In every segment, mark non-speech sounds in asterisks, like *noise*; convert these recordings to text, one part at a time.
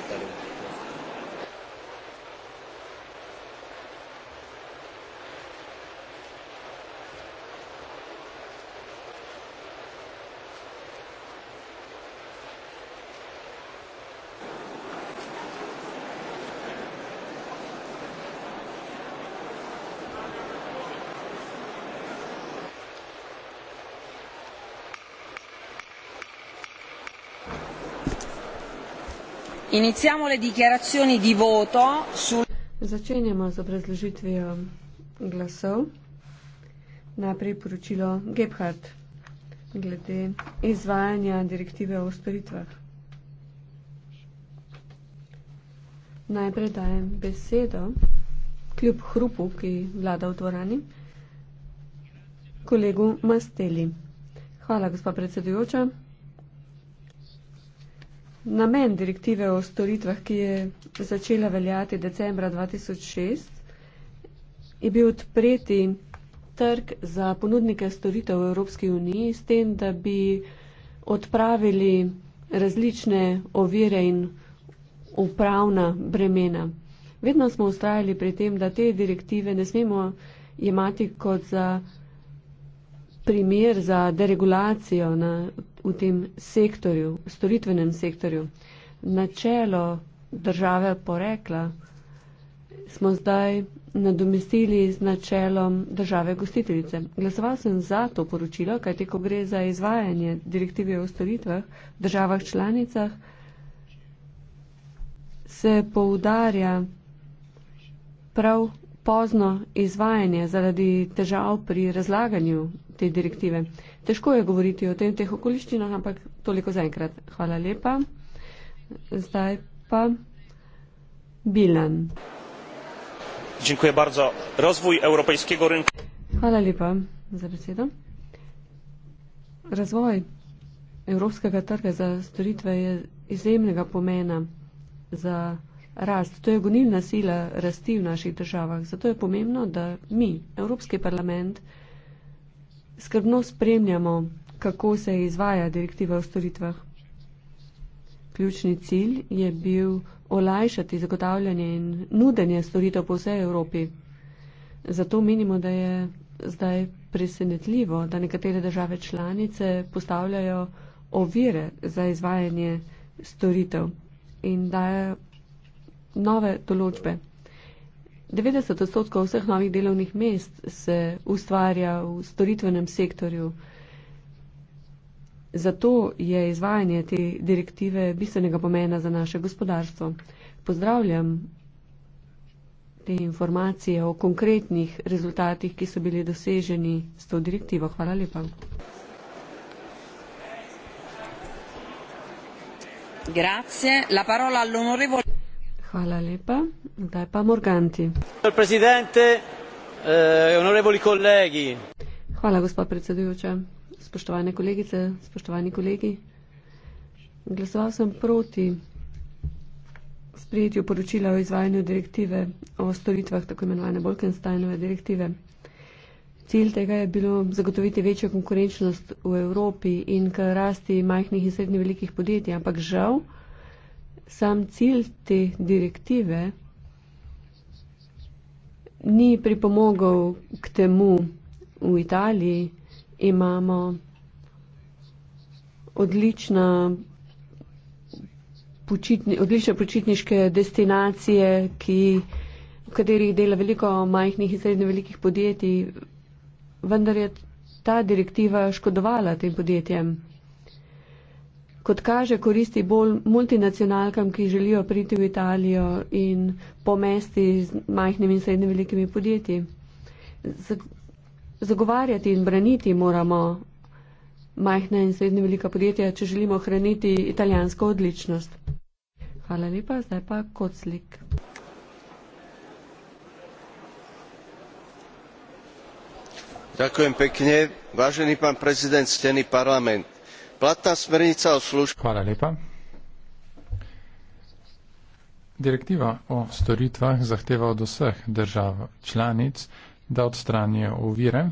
capitalismo. Iniziamo le dichiarazioni di voto sul... Začenjamo z obrazložitvijo glasov na priporočilo Gebhardt glede izvajanja direktive o storitvah. Najprej dajem besedo kljub hrupu, ki vlada v dvorani, kolegu Masteli. Hvala, gospod predsedujoča. Namen direktive o storitvah, ki je začela veljati decembra 2006, je bil odpreti trg za ponudnike storitev v Evropski uniji s tem, da bi odpravili različne ovire in upravna bremena. Vedno smo ustrajali pri tem, da te direktive ne smemo jemati kot za primer za deregulacijo na v tem sektorju, storitvenem sektorju, načelo države porekla smo zdaj nadomestili z načelom države gostiteljice. Glasoval sem za to poročilo, kajte ko gre za izvajanje direktive o storitvah v državah članicah, se poudarja prav pozno izvajanje zaradi težav pri razlaganju te direktive težko je govoriti o tem teh okoliščinah, ampak toliko zaenkrat. Hvala lepa. Zdaj pa Bilan. Dziękuję bardzo. Rozwój europejskiego rynku. Hvala lepa za besedo. Razvoj evropskega trga za storitve je izjemnega pomena za rast. To je gonilna sila rasti v naših državah. Zato je pomembno, da mi, Evropski parlament, skrbno spremljamo, kako se izvaja direktiva o storitvah. Ključni cilj je bil olajšati zagotavljanje in nudenje storitev po vsej Evropi. Zato menimo, da je zdaj presenetljivo, da nekatere države članice postavljajo ovire za izvajanje storitev in dajo nove določbe. 90 odstotkov vseh novih delovnih mest se ustvarja v storitvenem sektorju. Zato je izvajanje te direktive bistvenega pomena za naše gospodarstvo. Pozdravljam te informacije o konkretnih rezultatih, ki so bili doseženi s to direktivo. Hvala lepa. Grazie. La parola all'onorevole. Hvala lepa. Zdaj pa Morganti. Eh, Hvala, gospod predsedujoča. Spoštovane kolegice, spoštovani kolegi. Glasoval sem proti sprijetju poročila o izvajanju direktive o storitvah tako imenovane Bolkensteinove direktive. Cilj tega je bilo zagotoviti večjo konkurenčnost v Evropi in k rasti majhnih in srednje velikih podjetij, ampak žal sam cilj te direktive ni pripomogel k temu. V Italiji imamo odlična počitni, odlične počitniške destinacije, ki, v katerih dela veliko majhnih in srednje velikih podjetij, vendar je ta direktiva škodovala tem podjetjem kot kaže, koristi bolj multinacionalkam, ki želijo priti v Italijo in pomesti z majhnimi in srednjimi velikimi podjetji. Zagovarjati in braniti moramo majhna in srednje velika podjetja, če želimo ohraniti italijansko odličnost. Hvala lepa, zdaj pa kot slik. Zahvaljujem pekne, važeni pan predsednik, steni parlament platna smernica o službah. Hvala lepa. Direktiva o storitvah zahteva od vseh držav članic, da odstranijo ovire.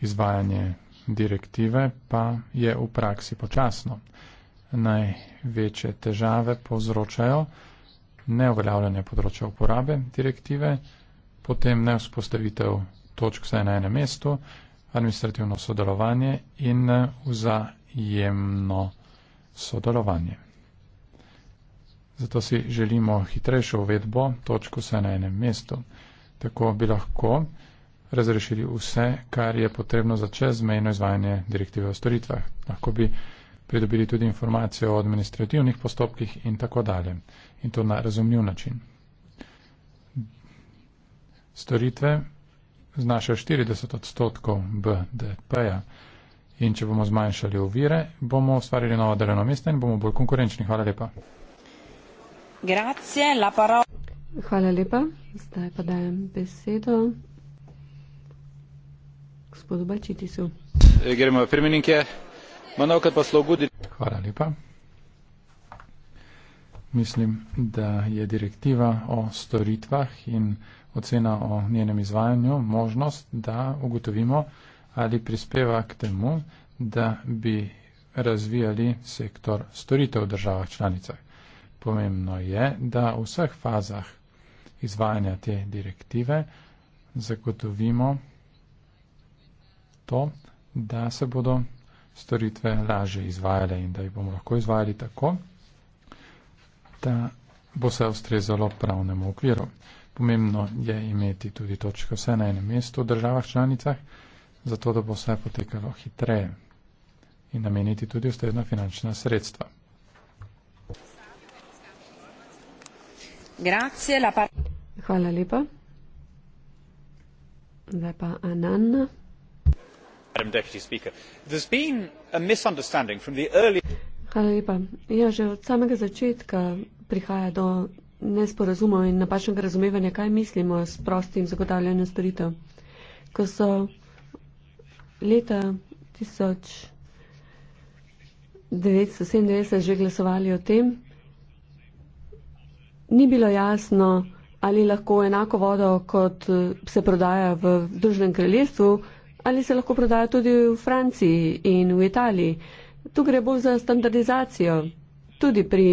Izvajanje direktive pa je v praksi počasno. Največje težave povzročajo neuveljavljanje področja uporabe direktive, potem neuspostavitev točk vse na enem mestu, administrativno sodelovanje in eh, vzajemno sodelovanje. Zato si želimo hitrejšo uvedbo, točko vse na enem mestu. Tako bi lahko razrešili vse, kar je potrebno za čezmejno izvajanje direktive o storitvah. Lahko bi pridobili tudi informacije o administrativnih postopkih in tako dalje. In to na razumljiv način. Storitve znaša 40 odstotkov BDP-ja. In če bomo zmanjšali ovire, bomo ustvarili novo deleno mesto in bomo bolj konkurenčni. Hvala lepa. Grazie, la paro... Hvala lepa. Zdaj pa dajem besedo gospodu Bačitisu. Eh, Gremo, firminike. Manovkrat pa slogudi. Hvala lepa. Mislim, da je direktiva o storitvah in ocena o njenem izvajanju, možnost, da ugotovimo, ali prispeva k temu, da bi razvijali sektor storitev v državah članicah. Pomembno je, da v vseh fazah izvajanja te direktive zagotovimo to, da se bodo storitve lažje izvajale in da jih bomo lahko izvajali tako, da bo se ustrezalo pravnemu okviru. Pomembno je imeti tudi točke vse na enem mestu v državah članicah, zato da bo vse potekalo hitreje in nameniti tudi ustrezna finančna sredstva. Hvala lepa. Zdaj pa Ananna. Hvala lepa. Ja, že od samega začetka prihaja do nesporazumov in napačnega razumevanja, kaj mislimo s prostim zagotavljanjem storitev. Ko so leta 1997 že glasovali o tem, ni bilo jasno, ali lahko enako vodo, kot se prodaja v Združenem kraljestvu, ali se lahko prodaja tudi v Franciji in v Italiji. Tu gre bolj za standardizacijo. Tudi pri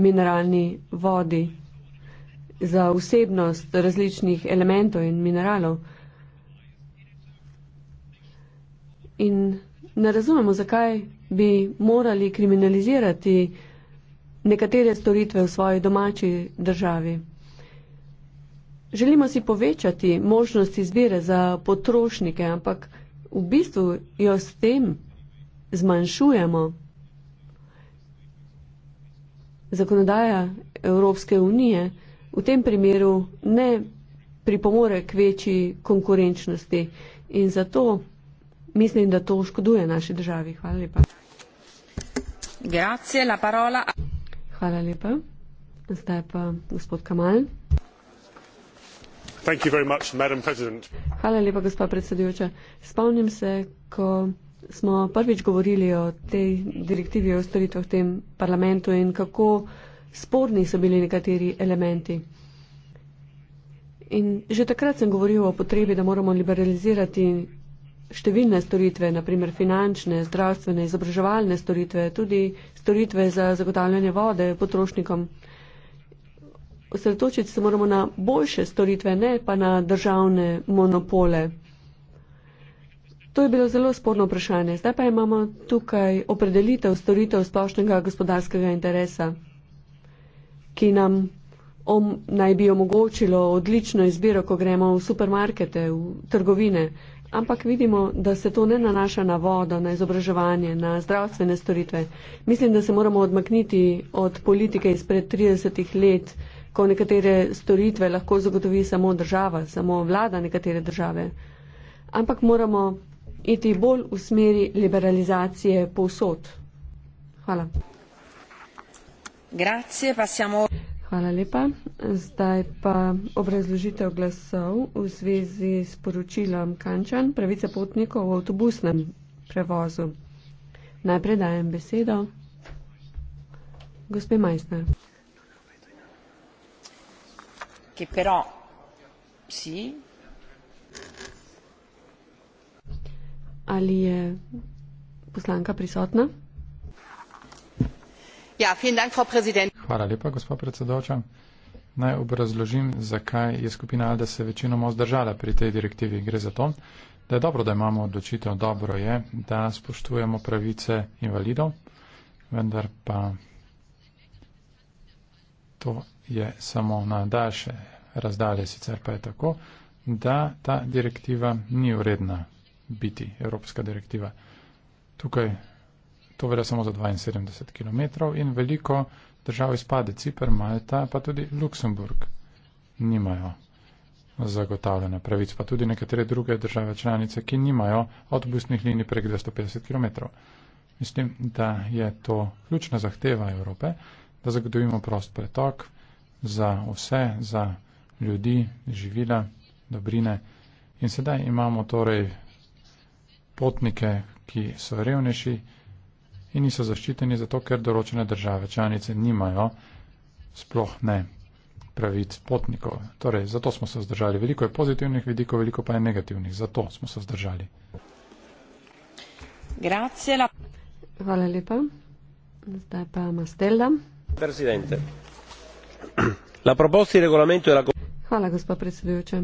mineralni vodi, za vsebnost različnih elementov in mineralov. In ne razumemo, zakaj bi morali kriminalizirati nekatere storitve v svoji domači državi. Želimo si povečati možnost izbire za potrošnike, ampak v bistvu jo s tem zmanjšujemo zakonodaja Evropske unije v tem primeru ne pripomore k večji konkurenčnosti in zato mislim, da to škoduje naši državi. Hvala lepa. Grazie, la parola. Hvala lepa. Zdaj pa gospod Kamal. Thank you very much, Madam President. Hvala lepa, gospod predsedujoča. Spomnim se, ko smo prvič govorili o tej direktivi o storitvah v tem parlamentu in kako sporni so bili nekateri elementi. In že takrat sem govoril o potrebi, da moramo liberalizirati številne storitve, naprimer finančne, zdravstvene, izobraževalne storitve, tudi storitve za zagotavljanje vode potrošnikom. Osredotočiti se moramo na boljše storitve, ne pa na državne monopole. To je bilo zelo sporno vprašanje. Zdaj pa imamo tukaj opredelitev storitev splošnega gospodarskega interesa, ki nam om, naj bi omogočilo odlično izbiro, ko gremo v supermarkete, v trgovine. Ampak vidimo, da se to ne nanaša na vodo, na izobraževanje, na zdravstvene storitve. Mislim, da se moramo odmakniti od politike izpred 30 let, ko nekatere storitve lahko zagotovi samo država, samo vlada nekatere države. Ampak moramo iti bolj v smeri liberalizacije povsod. Hvala. Grazie, Hvala lepa. Zdaj pa obrazložitev glasov v zvezi s poročilom Kančan, pravice potnikov v avtobusnem prevozu. Najprej dajem besedo gospe Majsner. Ki pero si ali je poslanka prisotna? Ja, dank, Hvala lepa, gospod predsedoča. Naj obrazložim, zakaj je skupina Alde se večinoma zdržala pri tej direktivi. Gre za to, da je dobro, da imamo odločitev, dobro je, da spoštujemo pravice invalidov, vendar pa to je samo na daljše razdalje, sicer pa je tako, da ta direktiva ni uredna biti evropska direktiva. Tukaj to velja samo za 72 km in veliko držav izpade, Cipr, Malta, pa tudi Luksemburg nimajo zagotavljene pravice, pa tudi nekatere druge države članice, ki nimajo avtobusnih linij prek 250 km. Mislim, da je to ključna zahteva Evrope, da zagotovimo prost pretok za vse, za ljudi, živila, dobrine. In sedaj imamo torej potnike, ki so revnejši in niso zaščiteni zato, ker določene države članice nimajo sploh ne pravic potnikov. Torej, zato smo se vzdržali. Veliko je pozitivnih vidikov, veliko pa je negativnih. Zato smo se vzdržali. Grazie. Hvala lepa. Zdaj pa Mastella. Presidente. La proposta di regolamento della Hvala, gospod predsedujoče.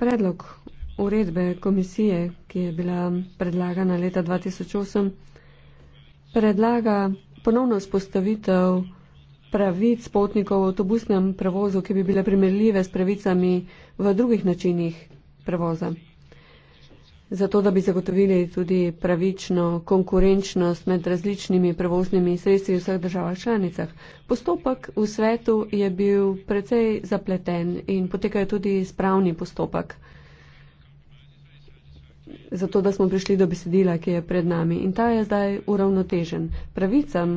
Predlog uredbe komisije, ki je bila predlagana leta 2008, predlaga ponovno spostavitev pravic potnikov v avtobusnem prevozu, ki bi bile primerljive s pravicami v drugih načinih prevoza. Zato, da bi zagotovili tudi pravično konkurenčnost med različnimi prevoznimi sredstvi v vseh državah članicah. Postopek v svetu je bil precej zapleten in potekajo tudi spravni postopek zato, da smo prišli do besedila, ki je pred nami in ta je zdaj uravnotežen. Pravicam,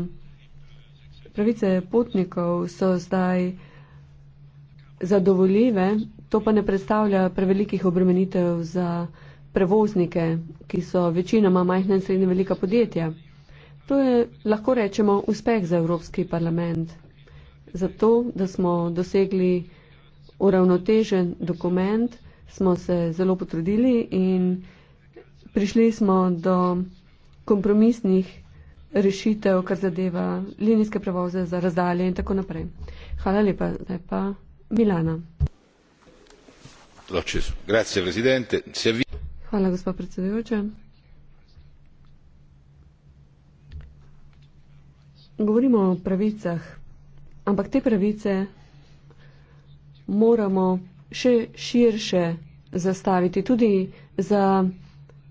pravice potnikov so zdaj zadovoljive, to pa ne predstavlja prevelikih obremenitev za prevoznike, ki so večinoma majhna in srednja velika podjetja. To je, lahko rečemo, uspeh za Evropski parlament. Zato, da smo dosegli uravnotežen dokument, smo se zelo potrudili in prišli smo do kompromisnih rešitev, kar zadeva linijske prevoze za razdalje in tako naprej. Hvala lepa, zdaj pa Milana. Hvala, gospod predsedujoče. Govorimo o pravicah, ampak te pravice moramo še širše zastaviti tudi za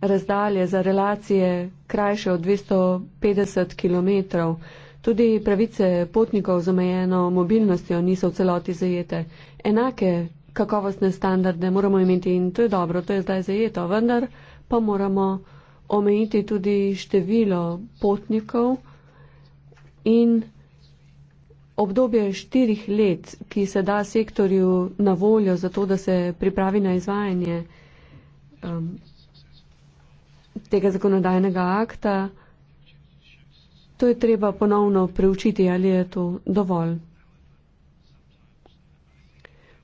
razdalje za relacije krajše od 250 km. Tudi pravice potnikov z omejeno mobilnostjo niso v celoti zajete. Enake kakovostne standarde moramo imeti in to je dobro, to je zdaj zajeto, vendar pa moramo omejiti tudi število potnikov in obdobje štirih let, ki se da sektorju na voljo za to, da se pripravi na izvajanje. Um, tega zakonodajnega akta. To je treba ponovno preučiti, ali je to dovolj.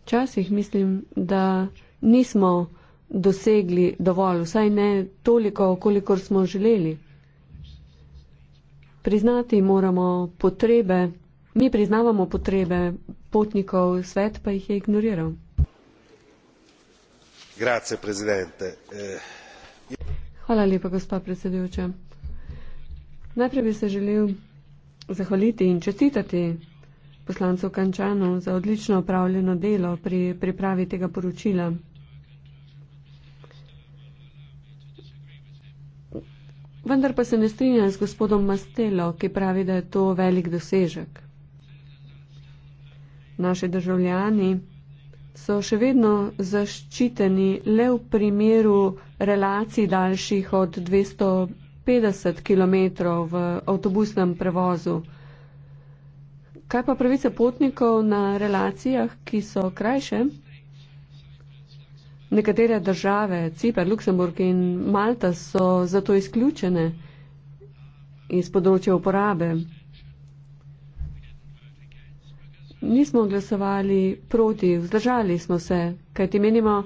Včasih mislim, da nismo dosegli dovolj, vsaj ne toliko, kolikor smo želeli. Priznati moramo potrebe, mi priznavamo potrebe potnikov, svet pa jih je ignoriral. Grazie, eh, Hvala lepa, gospa predsedujoča. Najprej bi se želel zahvaliti in čestitati poslancu Kančanu za odlično opravljeno delo pri pripravi tega poročila. Vendar pa se ne strinjam z gospodom Mastelo, ki pravi, da je to velik dosežek. Naši državljani so še vedno zaščiteni le v primeru relacij daljših od 250 km v avtobusnem prevozu. Kaj pa pravice potnikov na relacijah, ki so krajše? Nekatere države, Cipr, Luksemburg in Malta, so zato izključene iz področja uporabe nismo glasovali proti, vzdržali smo se, kajti menimo,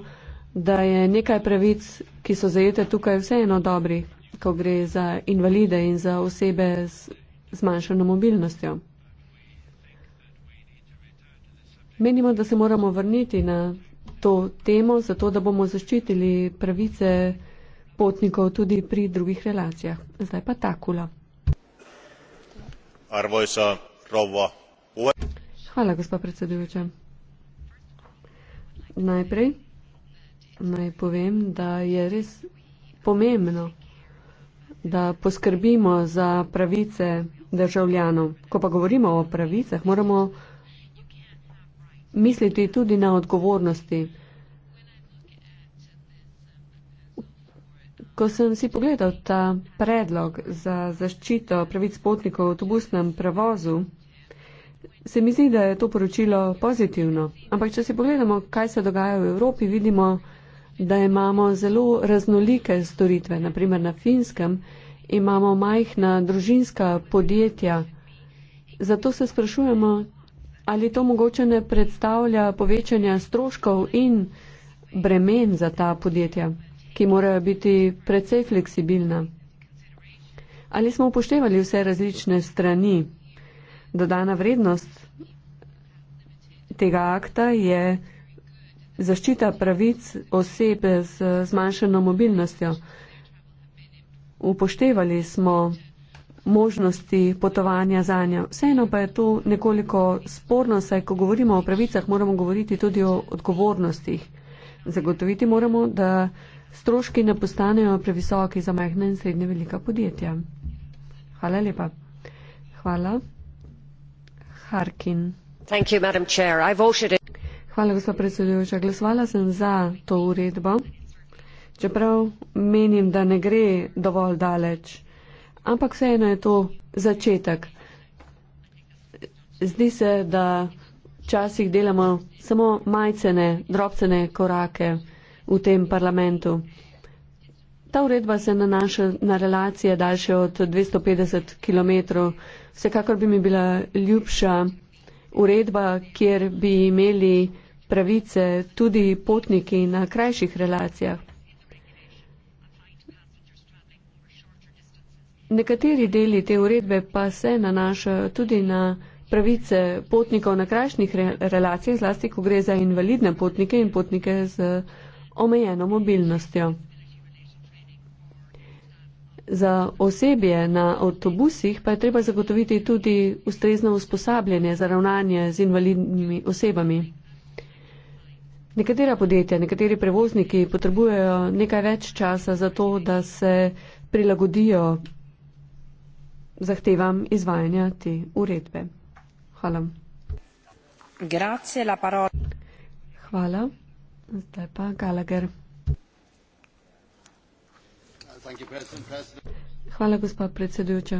da je nekaj pravic, ki so zajete tukaj vseeno dobri, ko gre za invalide in za osebe z zmanjšano mobilnostjo. Menimo, da se moramo vrniti na to temo, zato da bomo zaščitili pravice potnikov tudi pri drugih relacijah. Zdaj pa takula. Arvoisa rouva puhemies. Hvala, gospa predsedujoča. Najprej naj povem, da je res pomembno, da poskrbimo za pravice državljanov. Ko pa govorimo o pravicah, moramo misliti tudi na odgovornosti. Ko sem si pogledal ta predlog za zaščito pravic potnikov v avtobusnem prevozu, se mi zdi, da je to poročilo pozitivno. Ampak, če si pogledamo, kaj se dogaja v Evropi, vidimo, da imamo zelo raznolike storitve. Naprimer, na finskem imamo majhna družinska podjetja. Zato se sprašujemo, ali to mogoče ne predstavlja povečanja stroškov in bremen za ta podjetja, ki morajo biti precej fleksibilna. Ali smo upoštevali vse različne strani? Dodana vrednost tega akta je zaščita pravic osebe z zmanjšeno mobilnostjo. Upoštevali smo možnosti potovanja za njo. Vseeno pa je to nekoliko sporno, saj ko govorimo o pravicah, moramo govoriti tudi o odgovornostih. Zagotoviti moramo, da stroški ne postanejo previsoki za majhne in srednje velika podjetja. Hvala lepa. Hvala. Harkin. Hvala, gospod predsedujoča. Glasovala sem za to uredbo, čeprav menim, da ne gre dovolj daleč. Ampak vseeno je to začetek. Zdi se, da včasih delamo samo majcene, drobcene korake v tem parlamentu. Ta uredba se nanaša na relacije daljše od 250 km. Vsekakor bi mi bila ljubša uredba, kjer bi imeli pravice tudi potniki na krajših relacijah. Nekateri deli te uredbe pa se nanašajo tudi na pravice potnikov na krajšnih relacijah, zlasti ko gre za invalidne potnike in potnike z omejeno mobilnostjo. Za osebje na avtobusih pa je treba zagotoviti tudi ustrezno usposabljanje za ravnanje z invalidnimi osebami. Nekatera podjetja, nekateri prevozniki potrebujejo nekaj več časa za to, da se prilagodijo zahtevam izvajanja te uredbe. Hvala. Hvala. Zdaj pa Gallagher. Hvala, gospa predsedujoča.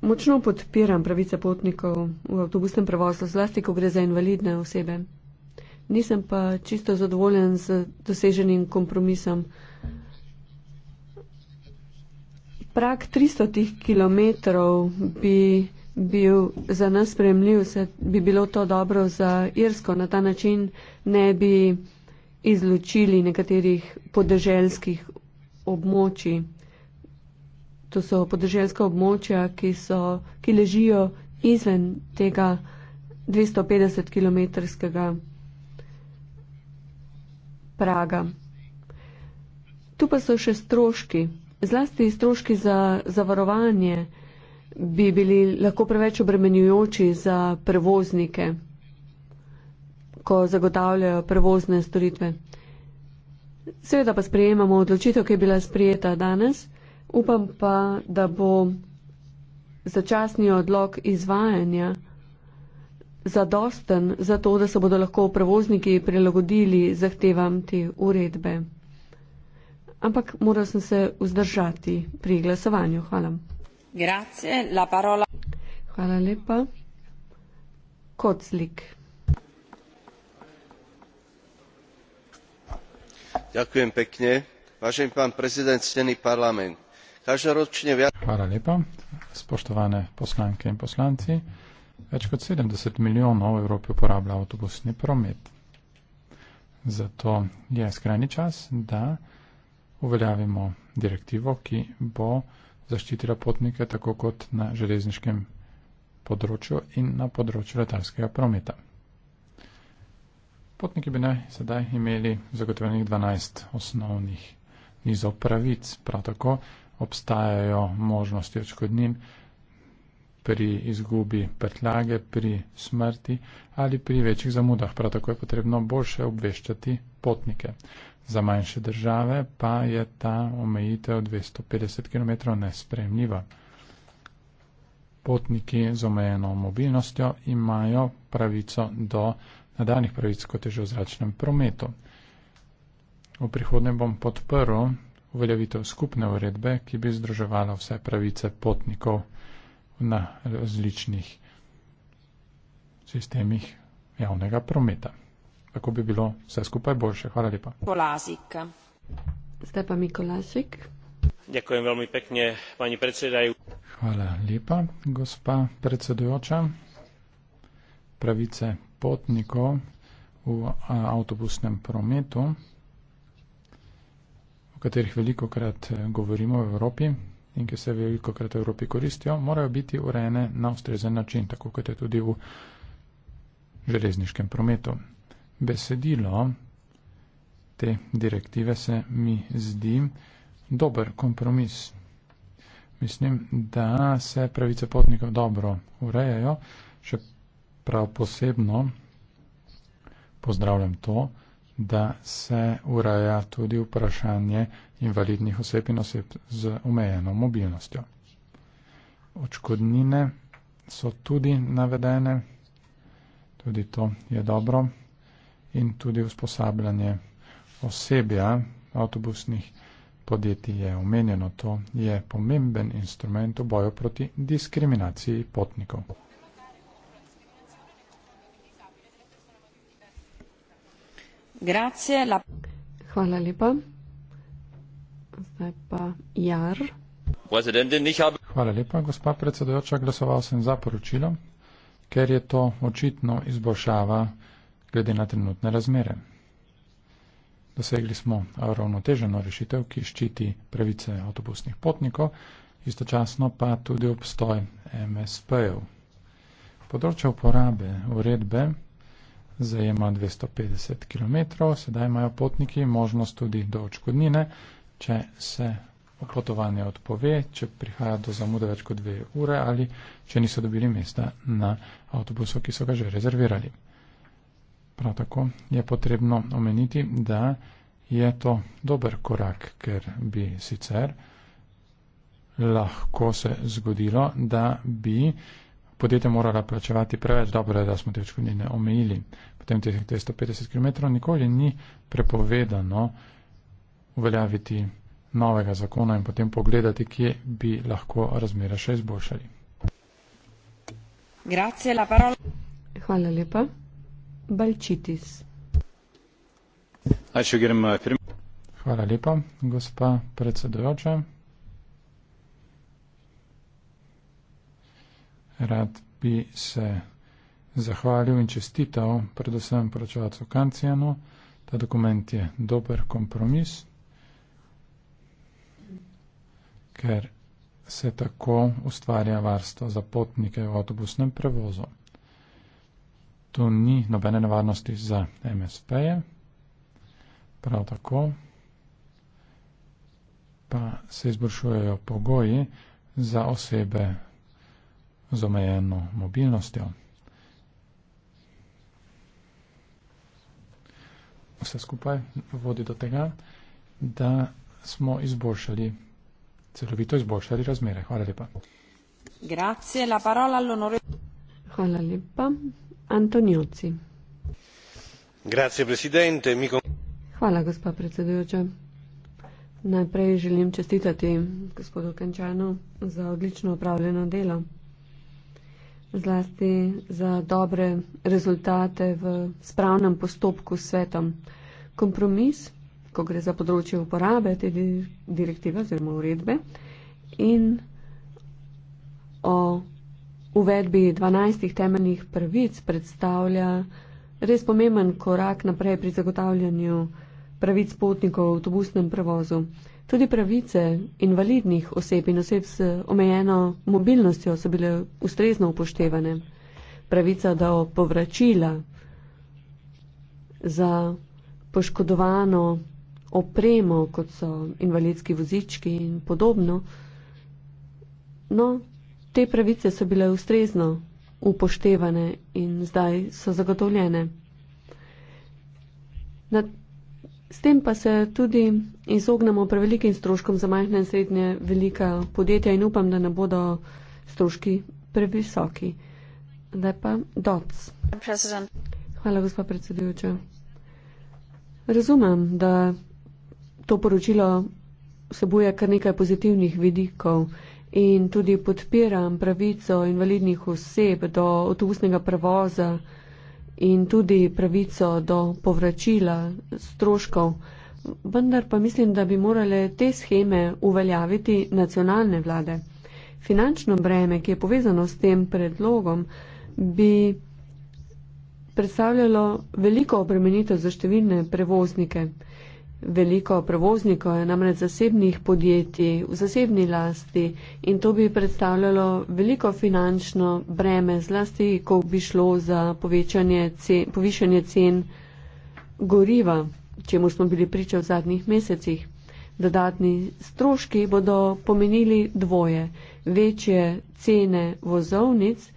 Močno podpiram pravice potnikov v avtobusnem prevozu, zlasti, ko gre za invalidne osebe. Nisem pa čisto zadovoljen z doseženim kompromisom. Prak 300 km bi bil za nas spremljiv, se bi bilo to dobro za Irsko. Na ta način ne bi izločili nekaterih podeželskih območij. To so podeželjska območja, ki, so, ki ležijo izven tega 250-kilometrskega praga. Tu pa so še stroški, zlasti stroški za zavarovanje bi bili lahko preveč obremenjujoči za prevoznike, ko zagotavljajo prevozne storitve. Seveda pa sprejemamo odločitev, ki je bila sprijeta danes. Upam pa, da bo začasni odlog izvajanja zadosten za to, da se bodo lahko prevozniki prilagodili zahtevam te uredbe. Ampak moral sem se vzdržati pri glasovanju. Hvala. Grazie, la parola. Hvala lepa. Kot slik. vážený pán prezident ctený parlament každoročne viac. hvala lepa spoštovane poslanke in poslanci več kot sedemdeset milijonov evrope uporablja avtobusni promet zato je skrajni čas da uveljavimo direktivo ki bo zaščitila potnike tako kot na železniškem področju in na področju letalskega prometa. Potniki bi naj sedaj imeli zagotovljenih 12 osnovnih nizov pravic, prav tako obstajajo možnosti očkodnin pri izgubi prtljage, pri smrti ali pri večjih zamudah. Prav tako je potrebno boljše obveščati potnike. Za manjše države pa je ta omejitev 250 km nespremljiva. Potniki z omejeno mobilnostjo imajo pravico do na danih pravic kot je že v zračnem prometu. V prihodnem bom podprl uveljavitev skupne uredbe, ki bi združevala vse pravice potnikov na različnih sistemih javnega prometa. Tako bi bilo vse skupaj boljše. Hvala lepa. Polazik. Zdaj pa Mikolasik. Ďakujem veľmi pekne, pani predsedajú. Hvala lepa, gospa predsedujoča. Pravice potnikov v avtobusnem prometu, o katerih veliko krat eh, govorimo v Evropi in ki se veliko krat v Evropi koristijo, morajo biti urejene na ustrezen način, tako kot je tudi v železniškem prometu. Besedilo te direktive se mi zdi dober kompromis. Mislim, da se pravice potnikov dobro urejajo, še prav posebno pozdravljam to, da se ureja tudi vprašanje invalidnih oseb in oseb z omejeno mobilnostjo. Očkodnine so tudi navedene, tudi to je dobro, in tudi usposabljanje osebja avtobusnih podjetij je omenjeno. To je pomemben instrument v boju proti diskriminaciji potnikov. Hvala lepa. Zdaj pa Jar. Hvala lepa, gospa predsedojoča. Glasoval sem za poročilo, ker je to očitno izboljšava glede na trenutne razmere. Dosegli smo ravnoteženo rešitev, ki ščiti pravice avtobusnih potnikov, istočasno pa tudi obstoj MSP-ev. Področje uporabe uredbe zajema 250 km, sedaj imajo potniki možnost tudi do očkodnine, če se potovanje odpove, če prihaja do zamude več kot dve ure ali če niso dobili mesta na avtobusu, ki so ga že rezervirali. Prav tako je potrebno omeniti, da je to dober korak, ker bi sicer lahko se zgodilo, da bi podjetje morala plačevati preveč, dobro je, da smo te odškodnine omejili. Potem teh 150 km nikoli ni prepovedano uveljaviti novega zakona in potem pogledati, kje bi lahko razmere še izboljšali. Grazie, la parola. Hvala lepa. Balčitis. Hvala lepa, gospa predsedojoča. rad bi se zahvalil in čestital predvsem poročevalcu Kancijanu. Ta dokument je dober kompromis, ker se tako ustvarja varstvo za potnike v avtobusnem prevozu. Tu ni nobene nevarnosti za MSP-je, prav tako pa se izboljšujejo pogoji za osebe z omejeno mobilnostjo. Vse skupaj vodi do tega, da smo izboljšali, celovito izboljšali razmere. Hvala lepa. Grazie, la parola all'onore. Hvala lepa. Antonioci. Grazie, presidente. Mi... Hvala, gospa predsedujoča. Najprej želim čestitati gospodu Kančanu za odlično upravljeno delo zlasti za dobre rezultate v spravnem postopku s svetom. Kompromis, ko gre za področje uporabe te direktive oziroma uredbe in o uvedbi 12 temeljnih pravic predstavlja res pomemben korak naprej pri zagotavljanju pravic potnikov v avtobusnem prevozu. Tudi pravice invalidnih oseb in oseb s omejeno mobilnostjo so bile ustrezno upoštevane. Pravica do povračila za poškodovano opremo, kot so invalidski vozički in podobno. No, te pravice so bile ustrezno upoštevane in zdaj so zagotovljene. Na S tem pa se tudi izognemo prevelikim stroškom za majhne in srednje velika podjetja in upam, da ne bodo stroški previsoki. Da pa doc. Hvala, gospa predsedujoča. Razumem, da to poročilo vsebuje kar nekaj pozitivnih vidikov in tudi podpiram pravico invalidnih oseb do avtobusnega prevoza in tudi pravico do povračila stroškov. Vendar pa mislim, da bi morale te scheme uveljaviti nacionalne vlade. Finančno breme, ki je povezano s tem predlogom, bi predstavljalo veliko obremenitev za številne prevoznike veliko prevoznikov, namreč zasebnih podjetij v zasebni lasti in to bi predstavljalo veliko finančno breme, zlasti, ko bi šlo za cen, povišanje cen goriva, čemu smo bili priča v zadnjih mesecih. Dodatni stroški bodo pomenili dvoje, večje cene vozovnic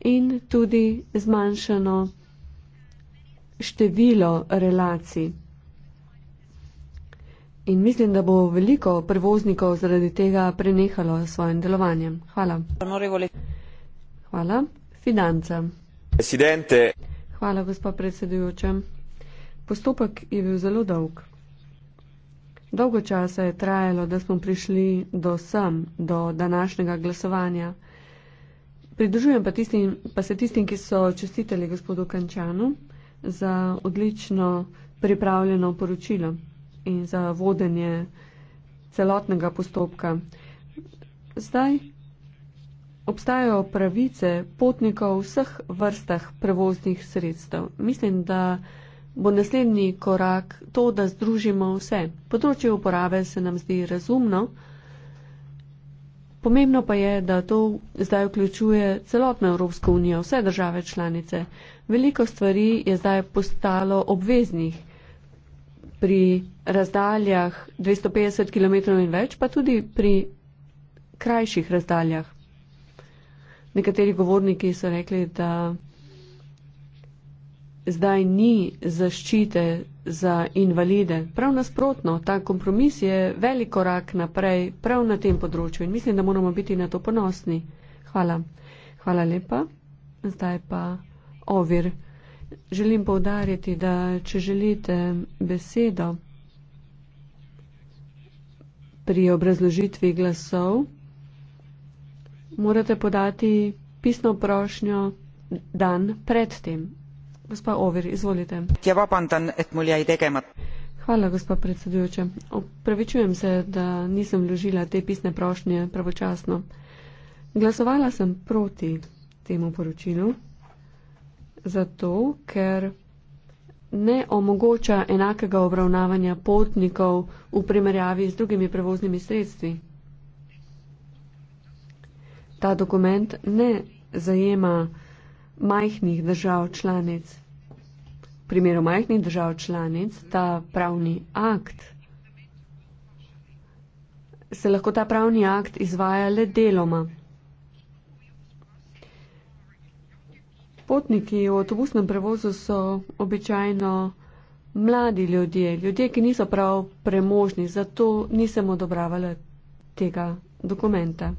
in tudi zmanjšano število relacij in mislim, da bo veliko prevoznikov zaradi tega prenehalo s svojim delovanjem. Hvala. Hvala. Financa. Presidente. Hvala, gospod predsedujoče. Postopek je bil zelo dolg. Dolgo časa je trajalo, da smo prišli do sem, do današnjega glasovanja. Pridružujem pa, tistim, pa se tistim, ki so čestiteli gospodu Kančanu za odlično pripravljeno poročilo in za vodenje celotnega postopka. Zdaj obstajajo pravice potnikov vseh vrstah prevoznih sredstev. Mislim, da bo naslednji korak to, da združimo vse. Področje uporabe se nam zdi razumno. Pomembno pa je, da to zdaj vključuje celotno Evropsko unijo, vse države članice. Veliko stvari je zdaj postalo obveznih pri razdaljah 250 km in več, pa tudi pri krajših razdaljah. Nekateri govorniki so rekli, da zdaj ni zaščite za invalide. Prav nasprotno, ta kompromis je velik korak naprej prav na tem področju in mislim, da moramo biti na to ponosni. Hvala. Hvala lepa. Zdaj pa ovir. Želim povdariti, da če želite besedo pri obrazložitvi glasov, morate podati pisno prošnjo dan pred tem. Gospa Over, izvolite. Ja, vabandan, et mul jäi tegemat. Hvala, gospa predsedujoča. Opravičujem se, da nisem vložila te pisne prošnje pravočasno. Glasovala sem proti temu poročilu zato, ker ne omogoča enakega obravnavanja potnikov v primerjavi z drugimi prevoznimi sredstvi. Ta dokument ne zajema majhnih držav članic. V primeru majhnih držav članic ta pravni akt se lahko ta pravni akt izvaja le deloma. Potniki v avtobusnem prevozu so običajno mladi ljudje, ljudje, ki niso prav premožni, zato nisem odobravala tega dokumenta.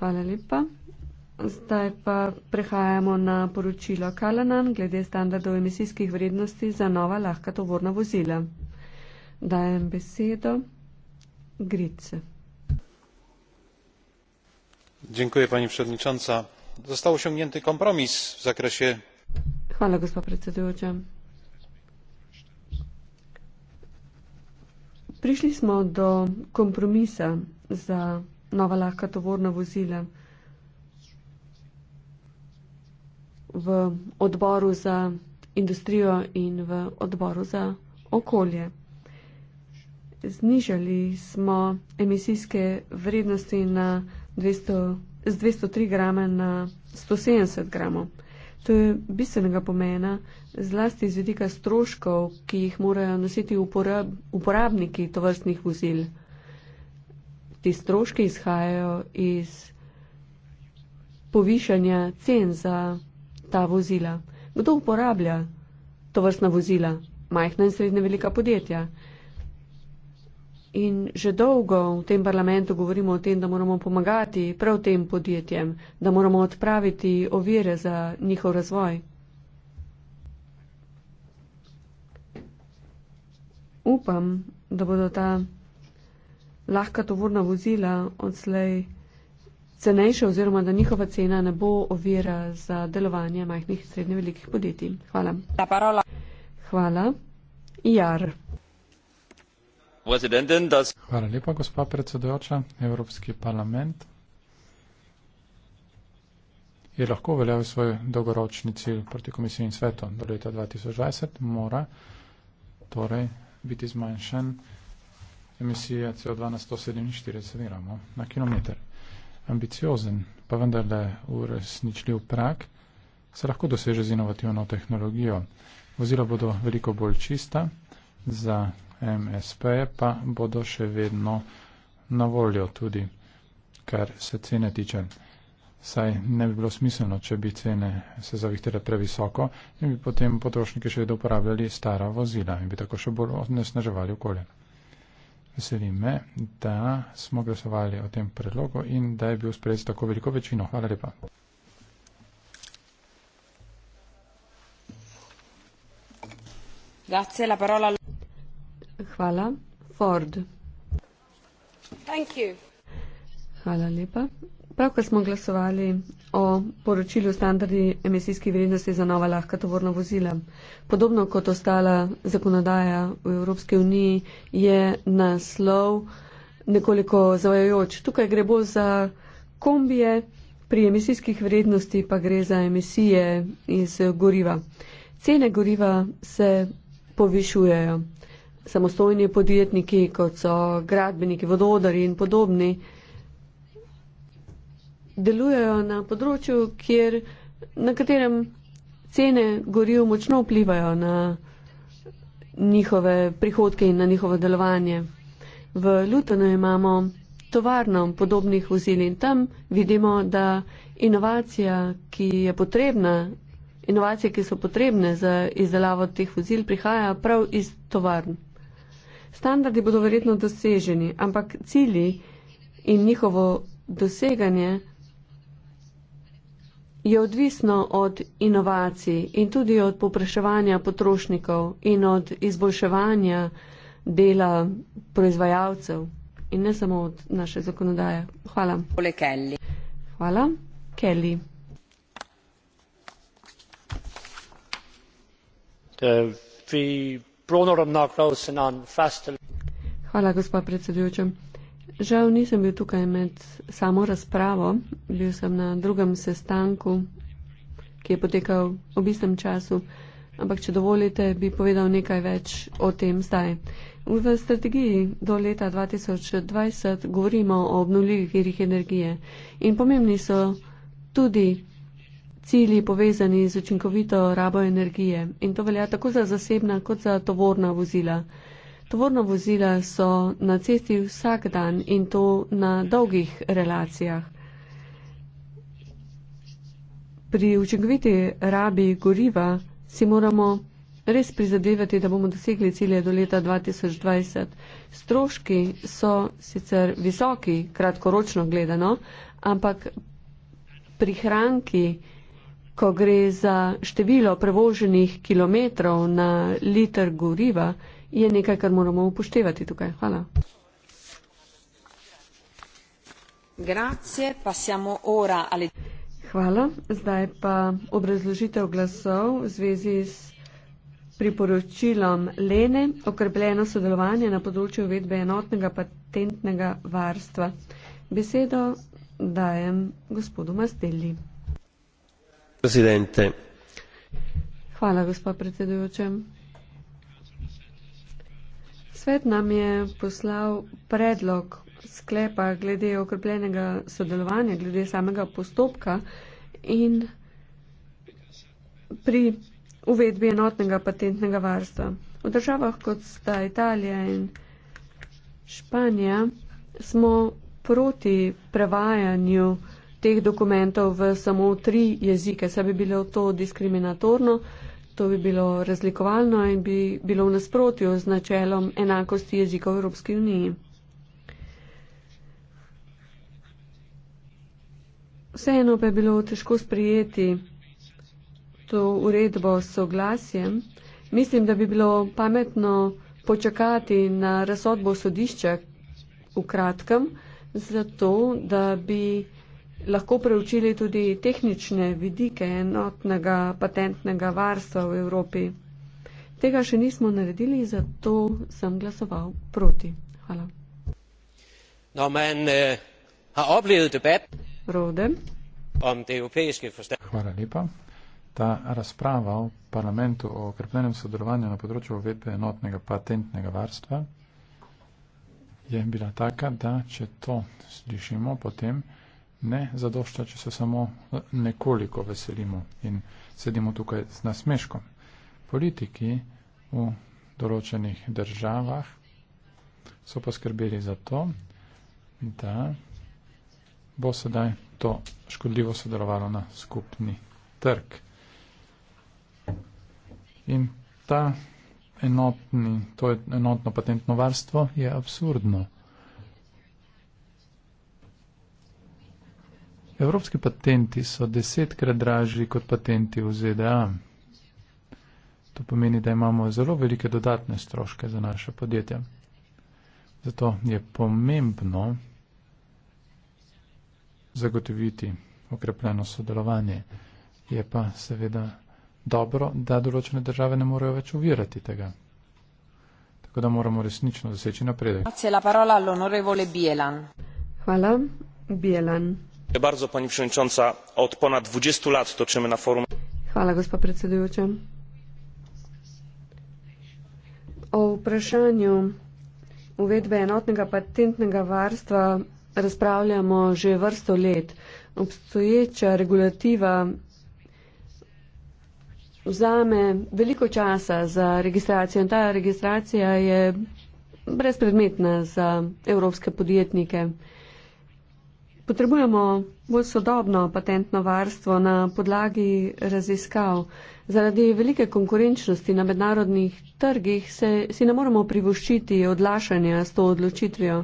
Hvala lepa. Zdaj pa prehajamo na poročilo Kalanan glede standardov emisijskih vrednosti za nova lahka tovorna vozila. Dajem besedo Grice. Dziękuję pani przewodnicząca został osiągnięty kompromis w zakresie Prišli smo do kompromisa za nova lahka tovorna vozila v odboru za industrijo in v odboru za okolje. Znižali smo emisijske vrednosti na 200 z 203 grama na 170 gramov. To je bistvenega pomena, zlasti iz vidika stroškov, ki jih morajo nositi uporab, uporabniki tovrstnih vozil. Ti stroški izhajajo iz povišanja cen za ta vozila. Kdo uporablja tovrstna vozila? Majhna in srednje velika podjetja in že dolgo v tem parlamentu govorimo o tem, da moramo pomagati prav tem podjetjem, da moramo odpraviti ovire za njihov razvoj. Upam, da bodo ta lahka tovorna vozila odslej cenejša oziroma da njihova cena ne bo ovira za delovanje majhnih in srednje velikih podjetij. Hvala. Hvala. Jar. Hvala lepa, gospa predsedujoča. Evropski parlament je lahko veljavil svoj dolgoročni cilj proti komisiji in svetu do leta 2020, mora torej biti zmanjšan emisija CO2 na 147 gramov na kilometr. Ambiciozen, pa vendarle uresničljiv prak se lahko doseže z inovativno tehnologijo. Vozila bodo veliko bolj čista za MSP, pa bodo še vedno na voljo tudi, kar se cene tiče. Saj ne bi bilo smiselno, če bi cene se zavihtele previsoko in bi potem potrošniki še vedno uporabljali stara vozila in bi tako še bolj onesnaževali okolje. Veseli me, da smo glasovali o tem predlogu in da je bil sprejet tako veliko večino. Hvala lepa. Grazie, la parola... Hvala. Ford. Hvala lepa. Pravkar smo glasovali o poročilu standardi emisijskih vrednosti za nova lahka tovorna vozila. Podobno kot ostala zakonodaja v Evropske uniji je naslov nekoliko zavajajoč. Tukaj gre bolj za kombije, pri emisijskih vrednosti pa gre za emisije iz goriva. Cene goriva se povišujejo samostojni podjetniki, kot so gradbeniki, vododari in podobni, delujejo na področju, kjer, na katerem cene goril močno vplivajo na njihove prihodke in na njihovo delovanje. V Lutonu imamo tovarno podobnih vozil in tam vidimo, da inovacija, ki je potrebna, inovacije, ki so potrebne za izdelavo teh vozil, prihaja prav iz tovarn. Standardi bodo verjetno doseženi, ampak cilji in njihovo doseganje je odvisno od inovacij in tudi od popraševanja potrošnikov in od izboljševanja dela proizvajalcev in ne samo od naše zakonodaje. Hvala. Hvala, Kelly. Hvala, Kelly. Uh, the, the Hvala, gospa predsedujoča. Žal nisem bil tukaj med samo razpravo, bil sem na drugem sestanku, ki je potekal ob istem času, ampak če dovolite, bi povedal nekaj več o tem zdaj. V strategiji do leta 2020 govorimo o obnovljivih virih energije in pomembni so tudi cilji povezani z učinkovito rabo energije in to velja tako za zasebna kot za tovorna vozila. Tovorna vozila so na cesti vsak dan in to na dolgih relacijah. Pri učinkoviti rabi goriva si moramo res prizadevati, da bomo dosegli cilje do leta 2020. Stroški so sicer visoki, kratkoročno gledano, ampak prihranki Ko gre za število prevoženih kilometrov na liter goriva, je nekaj, kar moramo upoštevati tukaj. Hvala. Hvala. Zdaj pa obrazložitev glasov v zvezi s priporočilom Lene, okrepljeno sodelovanje na področju uvedbe enotnega patentnega varstva. Besedo dajem gospodu Mastelli. Svet nam je poslal predlog sklepa glede okrepljenega sodelovanja, glede samega postopka in pri uvedbi enotnega patentnega varstva. V državah kot sta Italija in Španija smo proti prevajanju teh dokumentov v samo tri jezike. Se bi bilo to diskriminatorno, to bi bilo razlikovalno in bi bilo v nasprotju z načelom enakosti jezikov v Evropski uniji. Vseeno pa je bilo težko sprijeti to uredbo s soglasjem. Mislim, da bi bilo pametno počakati na razsodbo sodišča v kratkem, zato da bi lahko preučili tudi tehnične vidike enotnega patentnega varstva v Evropi. Tega še nismo naredili, zato sem glasoval proti. Hvala. Når man øh, har oplevet debat Rode. om det europæiske forstand. Hvala lepa. Ta razprava o parlamentu o okrepljenem sodelovanju na področju uvedbe enotnega patentnega varstva je bila taka, da če to slišimo, potem ne zadošča, če se samo eh, nekoliko veselimo in sedimo tukaj z nasmeškom. Politiki v določenih državah so poskrbeli za to, da bo sedaj to škodljivo sodelovalo na skupni trg. In ta enotni, to enotno patentno varstvo je absurdno. Evropski patenti so desetkrat dražji kot patenti v ZDA. To pomeni, da imamo zelo velike dodatne stroške za naše podjetje. Zato je pomembno zagotoviti okrepljeno sodelovanje. Je pa seveda dobro, da določene države ne morejo več uvirati tega. Tako da moramo resnično doseči napredek. Hvala, Bielan pani przewodnicząca! od ponad dwadzieścia lat toczymy na forum. o vprašanju uvedbe enotnega patentnega varstva razpravljamo že vrsto let. obstoječa regulativa vzame veliko časa za registracijo in ta registracija je brezpredmetna za evropske podjetnike. Potrebujemo bolj sodobno patentno varstvo na podlagi raziskav. Zaradi velike konkurenčnosti na mednarodnih trgih se, si ne moremo privoščiti odlašanja s to odločitvijo,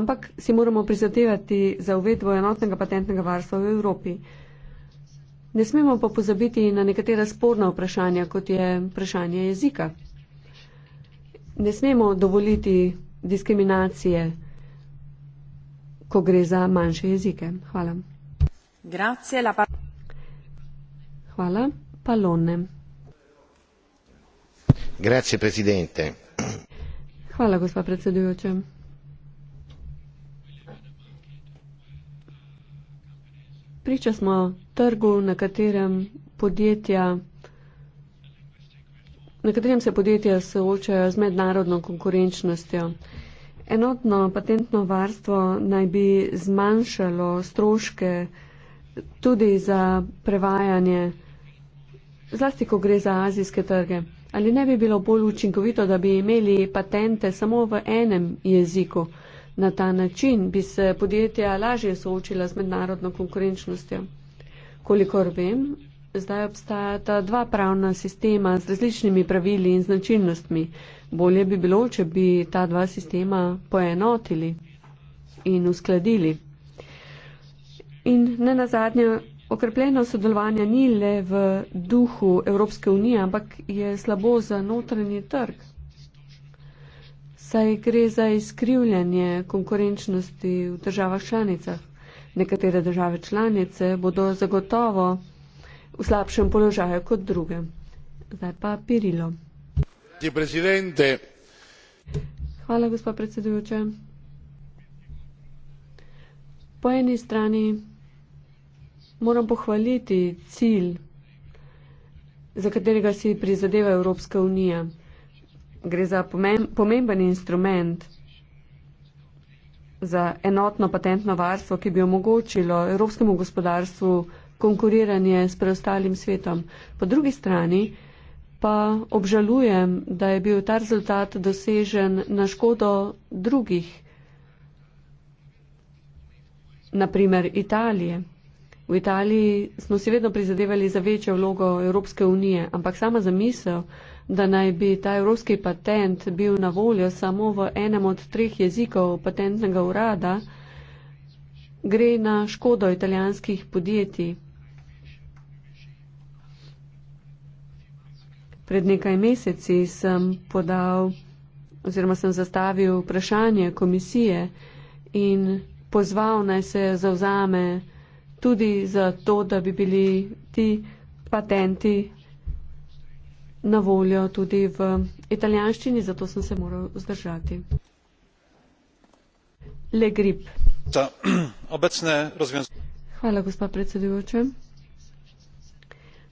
ampak si moramo prizadevati za uvedbo enotnega patentnega varstva v Evropi. Ne smemo pa pozabiti na nekatera sporna vprašanja, kot je vprašanje jezika. Ne smemo dovoliti diskriminacije ko gre za manjše jezike. Hvala. Grazie, pa... Hvala. Palone. Grazie, presidente. Hvala, gospa predsedujoča. Priča smo trgu, na katerem podjetja na katerem se podjetja soočajo z mednarodno konkurenčnostjo. Enotno patentno varstvo naj bi zmanjšalo stroške tudi za prevajanje, zlasti ko gre za azijske trge. Ali ne bi bilo bolj učinkovito, da bi imeli patente samo v enem jeziku? Na ta način bi se podjetja lažje soočila z mednarodno konkurenčnostjo. Kolikor vem, Zdaj obstajata dva pravna sistema z različnimi pravili in značilnostmi. Bolje bi bilo, če bi ta dva sistema poenotili in uskladili. In ne na zadnje, okrepljeno sodelovanje ni le v duhu Evropske unije, ampak je slabo za notranji trg. Saj gre za izkrivljanje konkurenčnosti v državah članicah. Nekatere države članice bodo zagotovo v slabšem položaju kot druge. Zdaj pa Pirilo. Hvala, gospod predsedujoče. Po eni strani moram pohvaliti cilj, za katerega si prizadeva Evropska unija. Gre za pomemben instrument za enotno patentno varstvo, ki bi omogočilo evropskemu gospodarstvu konkuriranje s preostalim svetom. Po drugi strani pa obžalujem, da je bil ta rezultat dosežen na škodo drugih, naprimer Italije. V Italiji smo si vedno prizadevali za večjo vlogo Evropske unije, ampak sama zamisel, da naj bi ta evropski patent bil na voljo samo v enem od treh jezikov patentnega urada, gre na škodo italijanskih podjetij. Pred nekaj meseci sem podal oziroma sem zastavil vprašanje komisije in pozval naj se zauzame tudi za to, da bi bili ti patenti na voljo tudi v italijanščini, zato sem se moral zdržati. Le grip. *clears throat* Hvala, gospod predsedujoče.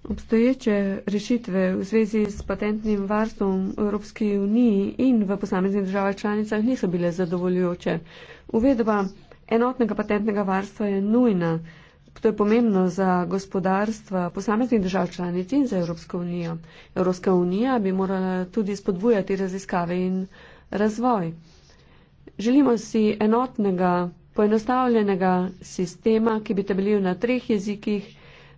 Obstoječe rešitve v zvezi s patentnim varstvom v Evropski uniji in v posameznih državah članicah niso bile zadovoljujoče. Uvedba enotnega patentnega varstva je nujna. To je pomembno za gospodarstva posameznih držav članic in za Evropsko unijo. Evropska unija bi morala tudi spodbujati raziskave in razvoj. Želimo si enotnega, poenostavljenega sistema, ki bi temeljil na treh jezikih.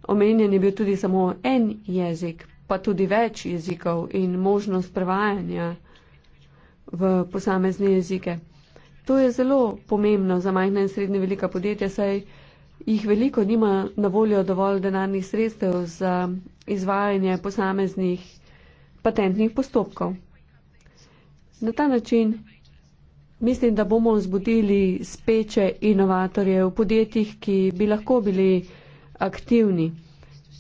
Omenjen je bil tudi samo en jezik, pa tudi več jezikov in možnost prevajanja v posamezne jezike. To je zelo pomembno za majhne in srednje velika podjetja, saj jih veliko nima na voljo dovolj denarnih sredstev za izvajanje posameznih patentnih postopkov. Na ta način mislim, da bomo vzbudili speče inovatorje v podjetjih, ki bi lahko bili aktivni